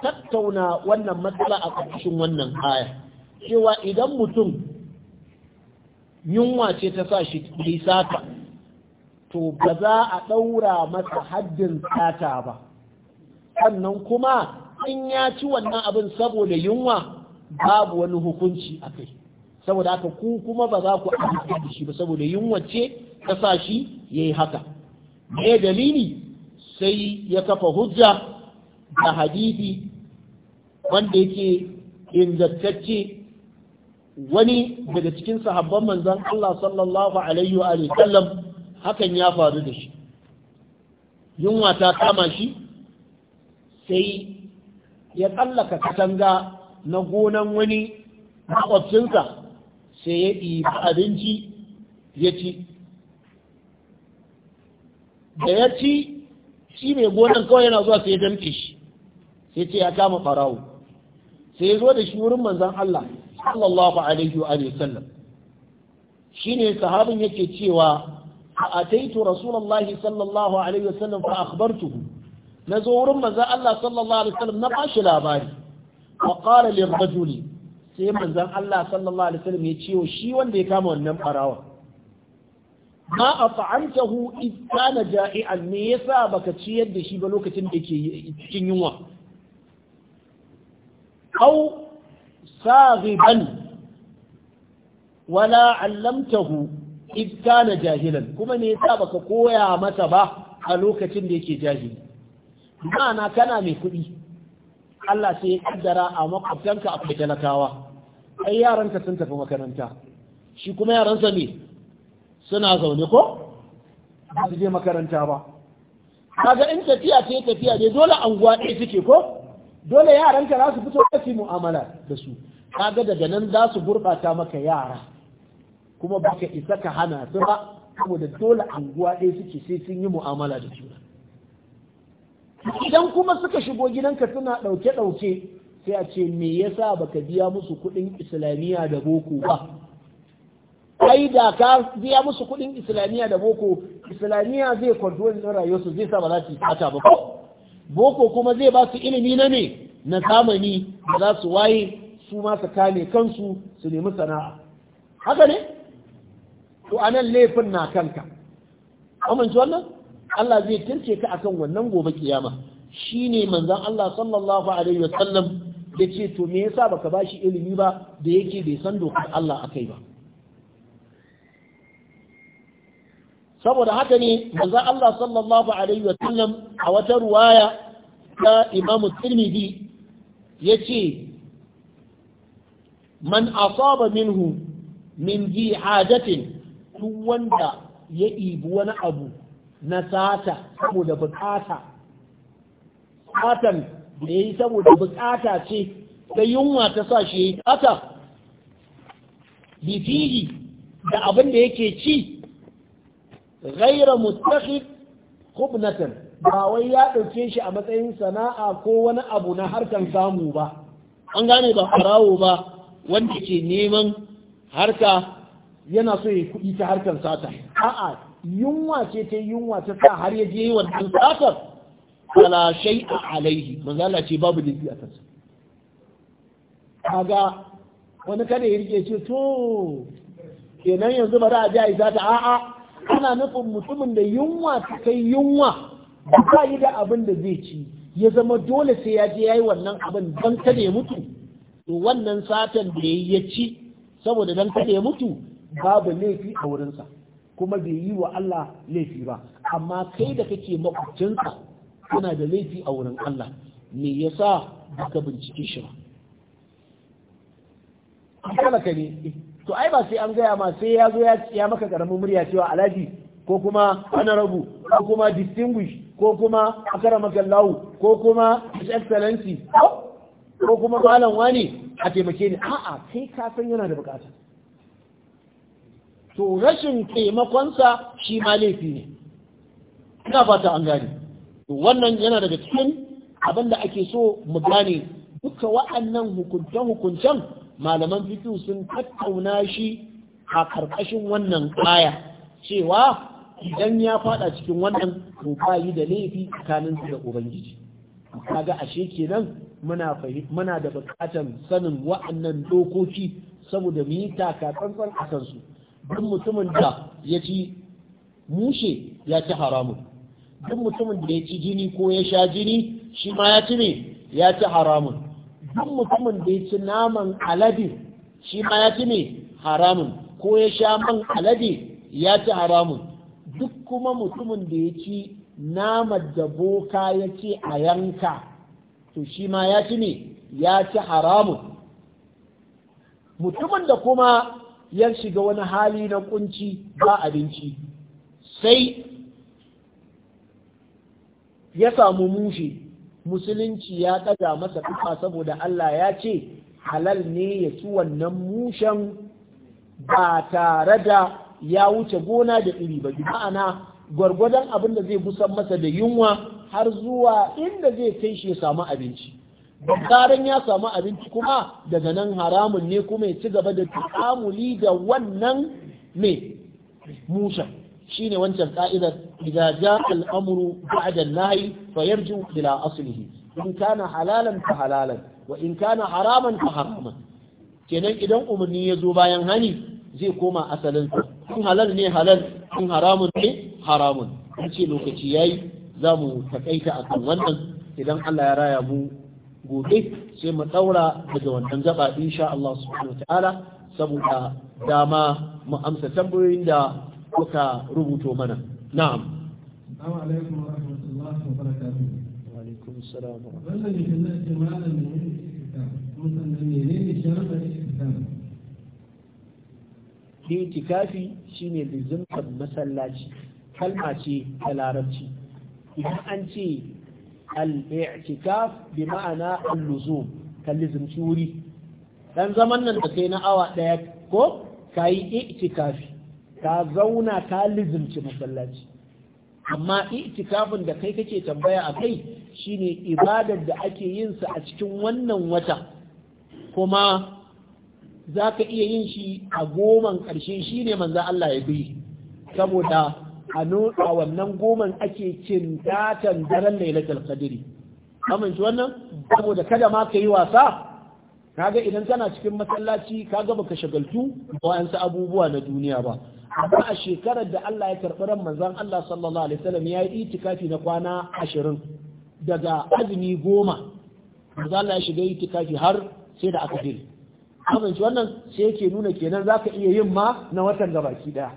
tattauna wannan matsala a ƙarƙashin wannan aya cewa idan mutum yunwa ce ta sa shi yi sata to ba za a ɗaura masa haddin sata ba sannan kuma in ya ci wannan abin saboda yunwa babu wani hukunci akai. saboda haka ku kuma ba za ku amince da shi ba saboda yunwa ce ta sa shi yayi haka me dalili sai ya kafa hujja da hadisi wanda yake ingantacce wani daga cikin sahabban manzon Allah sallallahu alaihi wa sallam hakan ya faru da shi yunwa ta kama shi sai ya tsallaka katanga na gonan wani makwabcinsa sai ya ɗiba abinci ya ci da ya ci shi mai gonan kawai yana zuwa sai ya damke shi sai ce ya kama farawo sai ya zo da shi wurin manzan Allah sallallahu alaihi wa sallam Shi ne sahabin yake cewa ataitu rasulullahi sallallahu alaihi wa sallam fa akhbartuhu zo wurin manzan Allah sallallahu alaihi wa sallam na bashi labari wa qala lirrajuli sai manzon Allah sallallahu alaihi wasallam ya ce shi wanda ya kama wannan farawa ma at'amtahu id na ja'ian me yasa baka ci yadda shi ba lokacin da yake cikin yunwa aw saghiban wala 'allamtahu id na jahilan kuma me yasa baka koya mata ba a lokacin da yake jahili ma'ana kana mai kuɗi Allah sai ya kaddara a makwabtanka akwai talakawa ai yaranka sun tafi makaranta shi kuma yaransa ne suna zaune ko ba su je makaranta ba kaga in tafiya ce tafiya ne dole anguwa ɗaya suke ko dole yaranka za su fito da su mu'amala da su kaga daga nan za su gurɓata maka yara kuma baka isa ka hana su ba saboda dole anguwa ɗaya suke sai sun yi mu'amala da juna idan kuma suka shigo gidanka suna ɗauke-ɗauke sai a ce me yasa baka biya musu kuɗin islamiyya da boko ba ai da ka biya musu kuɗin islamiyya da boko islamiyya zai control din rayuwarsu zai sa ba za su fata ba boko kuma zai ba su ilimi na ne na zamani da za su waye su ma su kame kansu su nemi sana'a haka ne to anan laifin na kanka amince wannan Allah zai tirce ka akan wannan gobe kiyama shine manzon Allah sallallahu alaihi wasallam ya ce to me yasa baka bashi ilimi ba da yake bai san dokar Allah akai ba saboda haka ne manzon Allah sallallahu alaihi wa sallam a wata ruwaya ta Imam Tirmidhi yace man asaba minhu min bi hajatin duk wanda ya ibi wani abu na sata saboda bukata satan da ya yi saboda bukata ce ta yunwa ta sa shi ya yi da abin da yake ci raira mutakhid khubnatan ba wai ya ɗauke shi a matsayin sana'a ko wani abu na harkan samu ba an gane ba farawo ba wanda ke neman harka yana so ya kuɗi ta harkar sata a'a yunwa ce ta yunwa ta sa har ya je wannan sata ala shay'a alaihi manzo Allah ce babu laifi a kansa kaga wani kada ya rike ce to kenan yanzu bari a ji a isa ta a'a ana nufin mutumin da yunwa ta kai yunwa ba yi da abin da zai ci ya zama dole sai ya je yayi wannan abin dan kada ya mutu to wannan satan da yayi ya ci saboda dan kada ya mutu babu laifi a wurinsa kuma bai yi wa Allah laifi ba amma kai da kake makwabcinsa kuna da laifi a wurin Allah me yasa baka bincike shi ba talaka ne eh, to ai ba sai an gaya ma sai ya zo ya maka karamin murya cewa alhaji ko kuma rabu ko kuma distinguish ko kuma Akara lawu ko kuma his excellency ko kuma malam wani a taimake ni a'a kai ka san yana da bukata to rashin taimakonsa shi ma laifi ne ina fata an gane wannan yana daga cikin abin da ake so mu gane duka wa'annan hukunce-hukuncen malaman fikiyu sun tattauna shi a karkashin wannan kaya cewa idan ya faɗa cikin wannan to yi da laifi tsakaninsu da ubangiji kaga ashe kenan muna muna da bukatan sanin wa'annan dokoki saboda mu yi takatsantsan a kansu duk mutumin da ya ci mushe ya ci haramun duk mutumin da ya ci jini ko ya sha jini shi ma ya ci ne ya ci haramun duk mutumin da ya ci naman alade shi ma ya ci ne haramun ko ya sha man alade ya ci haramun duk kuma mutumin da ya ci nama da boka ya ce a yanka to shi ma ya ci ne ya ci haramun mutumin da kuma ya shiga wani hali na kunci ba abinci sai ya samu mushi, musulunci ya ɗaga masa ƙafa saboda Allah ya ce halal ne ya ci wannan mushen ba tare da ya wuce gona da iri ba ma'ana gwargwadon abin da zai gusan masa da yunwa har zuwa inda zai kai shi ya samu abinci bukaren ya samu abinci kuma daga nan haramun ne kuma ya ci gaba da tu'amuli da wannan mai mushan. shine wancan ka'idar idza jaa al-amru ba'da an-nahy fayarji'u ila aslihi in kana halalan fa halalan wa in kana haraman fa haraman kenan idan umarni ya zo bayan hani zai koma asalin in halal ne halal in haramun ne haramun an ce lokaci yayi za mu takaita akan wannan idan Allah ya raya mu gobe sai mu daura daga wannan gaba insha Allah subhanahu wa ta'ala saboda dama mu amsa tambayoyin da kuka rubuto mana na'am assalamu alaikum wa wa wa ne shine lizimtar masallaci kalma ce ta larabci idan an ce al-i'tikaf bi ma'ana al-luzum lizimci wuri dan zaman nan da kai na awa daya ko kayi i'tikafi ka zauna ka lizimci masallaci amma itikafin da kai kake tambaya a kai shine ibadar da ake yin sa a cikin wannan wata kuma za ka iya yin shi a goman ƙarshe shine manzo Allah ya bi saboda a wannan goman ake cin datan daren lailatul qadri amince wannan saboda kada ma ka yi wasa kaga idan kana cikin masallaci kaga baka shagaltu ba abubuwa na duniya ba amma a shekarar da Allah ya karɓi ran manzon Allah sallallahu alaihi wasallam ya yi itikafi na kwana ashirin daga azumi goma manzon Allah ya shiga itikafi har sai da aka dare abin wannan sai yake nuna kenan zaka iya yin ma na watan ki daya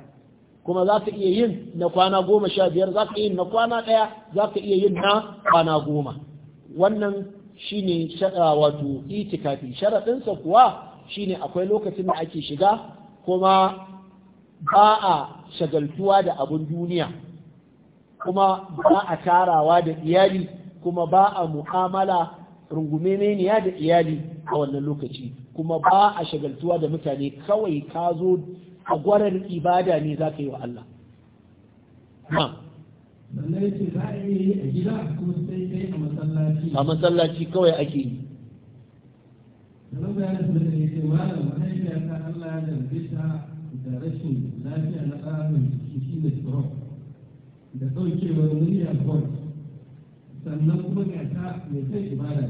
kuma za ka iya yin na kwana goma sha biyar za ka iya yin na kwana ɗaya za ka iya yin na kwana goma wannan shine wato itikafi sharaɗinsa kuwa shine akwai lokacin da ake shiga kuma ba a shagaltuwa da abin duniya kuma ba a tarawa da iyali kuma ba a mu'amala rungume meniya da iyali a wannan lokaci kuma ba a shagaltuwa da mutane kawai ka zo a gwarar ibada ne za ka yi wa Allah. a masallaci kawai ake yi. Allah da rashin lafiya na ƙarin shi ne da ɗaukewar miliyan volt sannan kuma ga ta mai kai ibada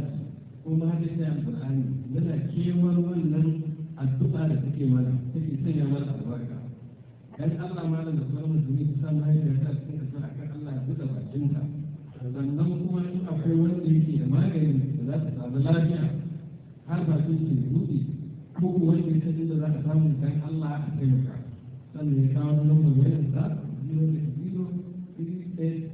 kuma hada ta yi alƙur'ani yana kewar wannan addu'a da take mana take sanya mana albarka dan Allah ma da sauran musulmi su san mahaifiyar ta cikin a kan Allah ya buɗe bakinta sannan kuma in akwai wanda yake da maganin da za ta samu lafiya har ba su ke buɗe ko ko wani mai da za ka samu dan Allah ka taimaka sannan ya kawo lambar da sa 0603866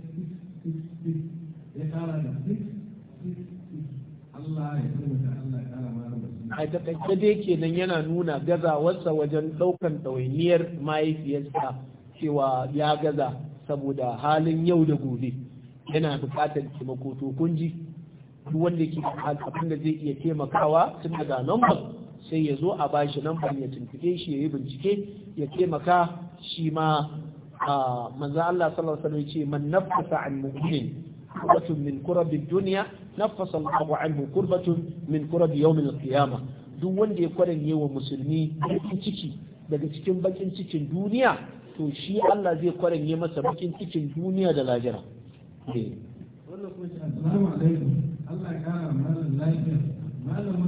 ya kara da 666 Allah ya taimaka Allah ya kara mara a takaice dai kenan yana nuna gazawarsa wajen ɗaukan ɗawainiyar mahaifiyarsa cewa ya gaza saboda halin yau da gobe yana buƙatar taimako to kun duk wanda ke da abin da zai iya taimakawa tun daga nan ba sai ya zo a bashi lambar ya tuntuɓe shi ya yi bincike ya taimaka shi ma a manzo Allah sallallahu alaihi ce man nafasa an mu'min kurbatun min kurabid dunya nafasa Allahu mu kurbatun min kurabi yawmil kiyama duk wanda ya yi wa musulmi bakin ciki daga cikin bakin cikin duniya to shi Allah zai yi masa bakin cikin duniya da lajira eh. wannan kuma assalamu alaikum Allah ya kara malam lafiya malam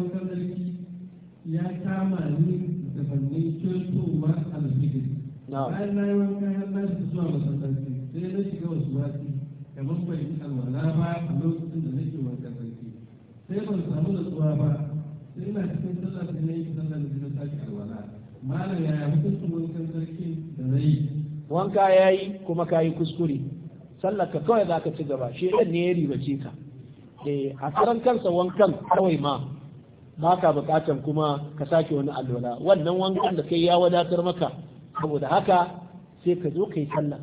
ya kama ni da fannin kyotowa alfijir bayan na yi wanka kayan na shi zuwa masallaci sai na shiga wasu wasi da bai yi alwala ba a lokacin da nake wanka sarki sai ban samu tsuwa ba sai ina cikin sallah sai na yi sallah da na sake alwala malam yaya hukuncin wankan sarki da na yi wanka ya yi kuma ka yi kuskure sallaka kawai za ka ci gaba shi ɗan ne ya ribace ka eh, a karan kansa wankan kawai ma ba ka bukatan kuma ka sake wani alwala wannan wankan da kai ya wadatar maka saboda haka sai ka zo kai sallar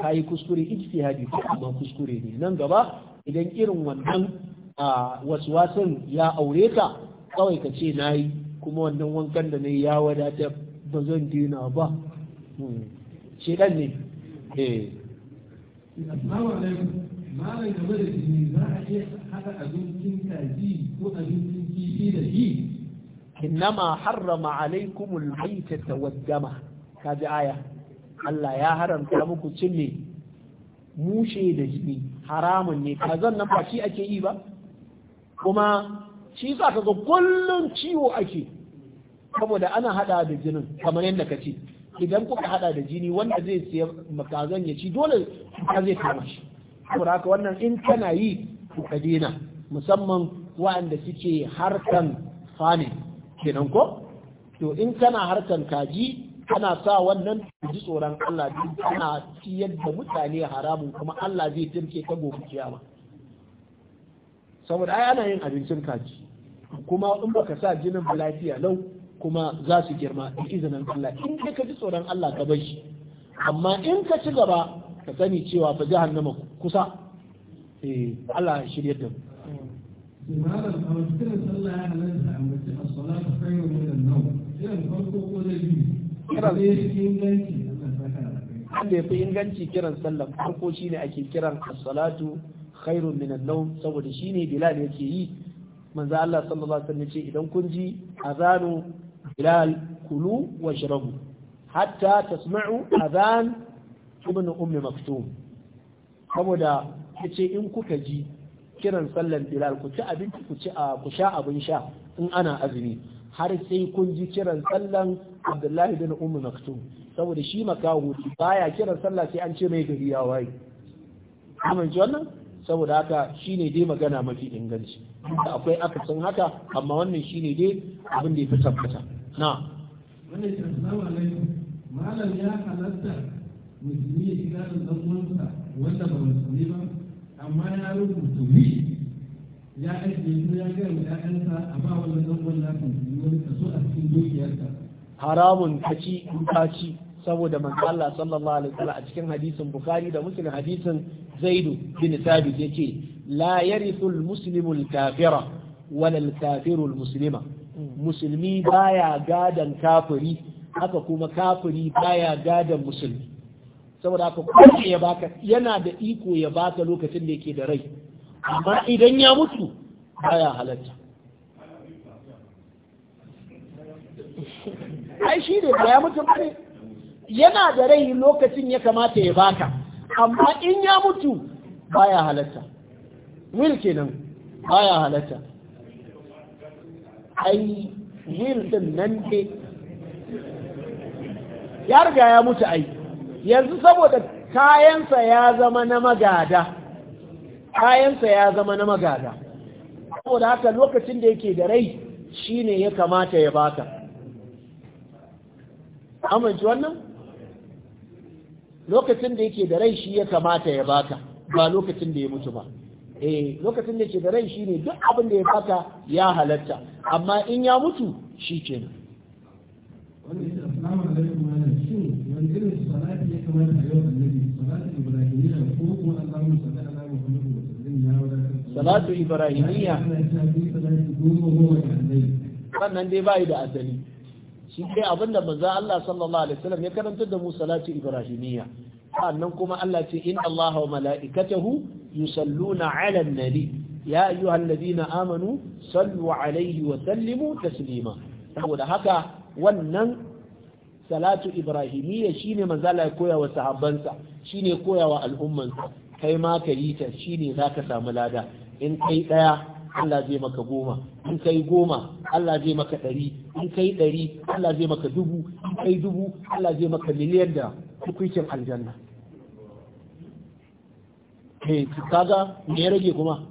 ka yi kuskure ijtihadi ko amma kuskure ne nan gaba idan irin wannan waswasin ya aure ka kawai ka ce na yi kuma wannan wankan da nayi ya wadatar ba zan dina ba hmm. shedan ne eh. malam game da jini za a iya haɗa abincin kaji ko abincin kifi da shi innama harrama alaikumul maitata waddama kaji aya Allah ya haramta muku cinne mushe da jini haramun ne kazan nan ba shi ake yi ba kuma shi za ka ga kullum ciwo ake saboda ana hada da jinin kamar yadda ka ce idan kuka hada da jini wanda zai siya makazan ya ci dole ka zai kama shi saboda haka wannan in kana yi ku kadina, musamman waɗanda suke harkan fani kenan ko to in kana harkan kaji kana sa wannan ji tsoron Allah din kana ciyar da mutane haramun kuma Allah zai tirke ta gobe kiyama saboda ai ana yin abincin kaji kuma in baka sa jinin ba lafiya lau kuma za su girma da izinin Allah in ka ji tsoron Allah ka bar shi amma in ka ci gaba ka sani cewa fa jahannama kusa eh Allah ya shirye da mu Wanda ya fi inganci kiran sallah farko shi ne ake kiran as-salatu khairun an-nawm saboda shi ne Bilal yake yi manzo Allah sallallahu alaihi wasallam ce idan kun ji azanu Bilal kulu shrabu hatta tasma'u azan ibn ummi maktum saboda yace in kuka ji kiran sallan bilal ku ci abinci ku ci ah, ku sha abin sha in ana azumi har sai kun ji kiran sallan abdullahi bin ummi maktum saboda shi makawo baya kiran sallah sai an ce mai gari ya waye amma ji wannan saboda haka shine dai magana mafi inganci akwai akasin haka amma wannan shine dai abin da ya fi tabbata na wannan ya halatta musulmi ya kira da ɗan'uwansa wanda ba musulmi ba amma ya rubuta wi ya ajiye su ya gaya wa ‘ya'yansa a ba wani ɗan'uwan nasu wani kaso a cikin dukiyarsa. haramun kaci in kaci saboda manzo Allah sallallahu alaihi wasallam a cikin hadisin Bukhari da Muslim hadisin Zaid bin Thabit yake la yarithu al-muslimu al-kafira wala al-kafiru al-muslima musulmi baya gadan kafiri haka kuma kafiri baya gadan musulmi saboda haka kowace ya baka yana da iko ya baka lokacin da yake da rai amma idan ya mutu baya halatta ai shi ne ya mutu bane yana da rai lokacin ya kamata ya baka amma in ya mutu baya halatta will kenan baya halatta ai will din nan ke ya riga ya mutu ai yanzu saboda kayansa ya zama na magada kayansa ya zama na magada saboda haka lokacin da yake da rai shine ya kamata ya baka amince wannan lokacin da yake da rai shi ya kamata ya baka ba lokacin da ya mutu ba eh lokacin da yake da rai shine duk abin da ya baka ya halatta amma in ya mutu shi kenan wannan assalamu alaikum wannan shi wani irin salati kamata a yau annabi salatu ibrahimiyya ko ko Allahumma salli ala Muhammad wa sallim ya wadatar salatu ibrahimiyya sannan dai bai da asali shi kai abinda manzo Allah sallallahu alaihi wasallam ya karanta da mu salatu ibrahimiyya sannan kuma Allah ce in Allah wa mala'ikatahu yusalluna ala nabi ya ayyuhal ladina amanu sallu alaihi wa sallimu taslima saboda haka wannan salatu ibrahimiyya shine manzo Allah ya koya wa sahabbansa shine koya wa al'ummansa kai ma ka yi ta shine zaka samu lada in kai daya Allah zai maka goma in kai goma Allah zai maka ɗari in kai ɗari Allah zai maka dubu in kai dubu Allah zai maka miliyan da hukuncin aljanna eh kaga me ya rage kuma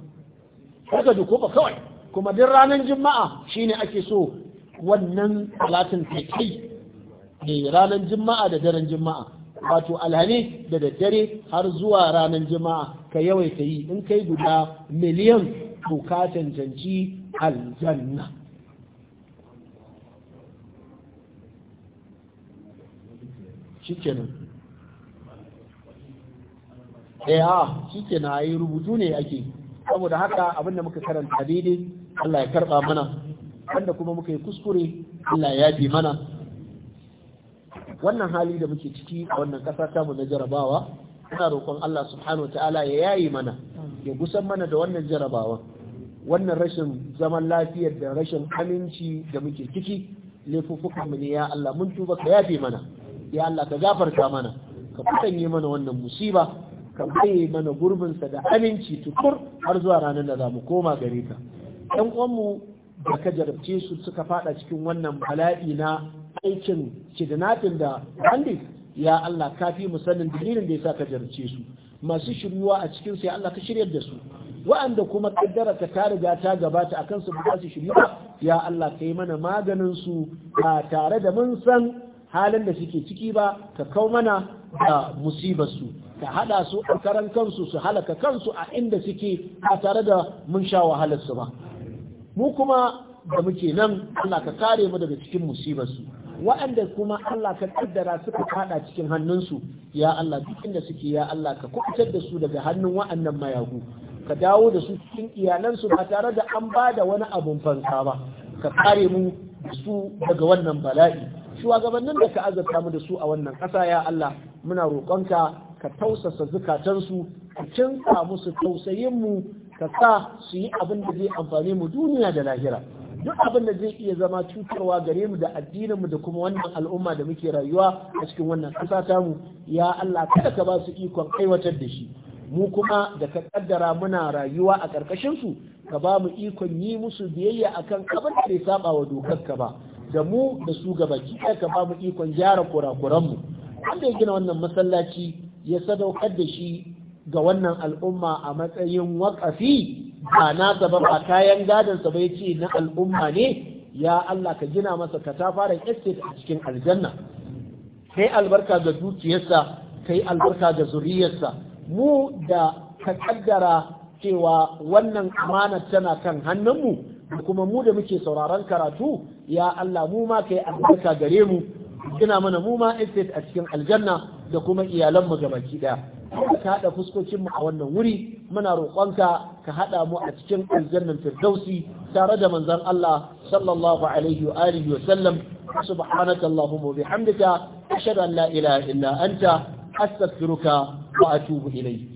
kaga duko ba kawai kuma duk ranar juma'a shine ake so wannan salatin kai ne eh, ranar juma'a da daren juma'a wato alhamis da daddare har zuwa ranar juma'a ka yawaita yi in kai guda miliyan to ka cancanci aljanna shikenan eh a na yi rubutu ne ake saboda haka abinda muka karanta daidai Allah ya karba mana wanda kuma muka yi kuskure Allah ya bi mana wannan hali da muke ciki a wannan ƙasa tamu na jarabawa ina roƙon Allah subhanahu ta'ala ya yayi mana ya gusan mana da wannan jarabawa wannan rashin zaman lafiyar da rashin aminci da muke ciki laifuffukan mu ne ya Allah mun tuba ka yafe mana ya Allah ka gafarta mana ka kusanye mana wannan musiba ka baye mana gurbinsa da aminci tukur har zuwa ranar da za mu koma gare ka ɗan uwanmu da ka jarabce su suka fada cikin wannan bala'i na aikin kidnapping da bandit ya Allah ka fi musannin dalilin da ya sa ka jarce su masu shiryuwa a cikin sai Allah ka shiryar da su wa'anda kuma kaddara ka ta riga ta gabata akan su ba su shiryuwa ya Allah ka yi mana maganin su ba tare da mun san halin da suke ciki ba ka kau mana da musibar su ka hada su a karan kansu su halaka kansu a inda suke ba tare da mun sha wahalar su ba mu kuma da muke nan Allah ka kare mu daga cikin musibar su waɗanda kuma Allah ka kaddara suka fada cikin hannunsu ya Allah duk inda suke ya Allah ka kubutar da su daga hannun wa'annan mayagu ka dawo da su cikin iyalansu ba tare da an ba da wani abun fansa ba ka kare mu su daga wannan bala'i shugabannin da ka azabta mu da su a wannan ƙasa ya Allah muna roƙonka ka tausasa zukatansu ka cinka musu tausayin mu ka sa su yi abin da zai amfani mu duniya da lahira duk abin da zai iya zama cutarwa gare mu da addinin mu da kuma wannan al'umma da muke rayuwa a cikin wannan ƙasa tamu ya Allah kada ka ba su ikon aiwatar da shi mu kuma da ka kaddara muna rayuwa a ƙarƙashin su ka ba mu ikon yi musu biyayya akan abin da ya saba wa dokar ka ba da mu da su gabaki ɗaya ka ba mu ikon gyara kurakuran mu wanda ya gina wannan masallaci ya sadaukar da shi ga wannan al'umma a matsayin waƙafi ba nasa ba ba kayan gadonsa bai ce na al'umma ne ya Allah ka gina masa ka ta fara estate a cikin aljanna kai albarka ga dukiyarsa kai albarka ga zuriyarsa mu da ka kaddara cewa wannan amana tana kan hannunmu kuma mu da muke sauraron karatu ya Allah mu ma kai albarka gare mu gina mana mu ma estate a cikin aljanna da kuma iyalanmu gabaki daya ka haɗa fuskokinmu a wannan wuri muna roƙonka ka haɗa mu a cikin aljannan firdausi tare da manzon Allah sallallahu alaihi wa alihi wa sallam subhanaka allahumma bihamdika ashhadu an la ilaha illa anta astaghfiruka wa atubu ilayk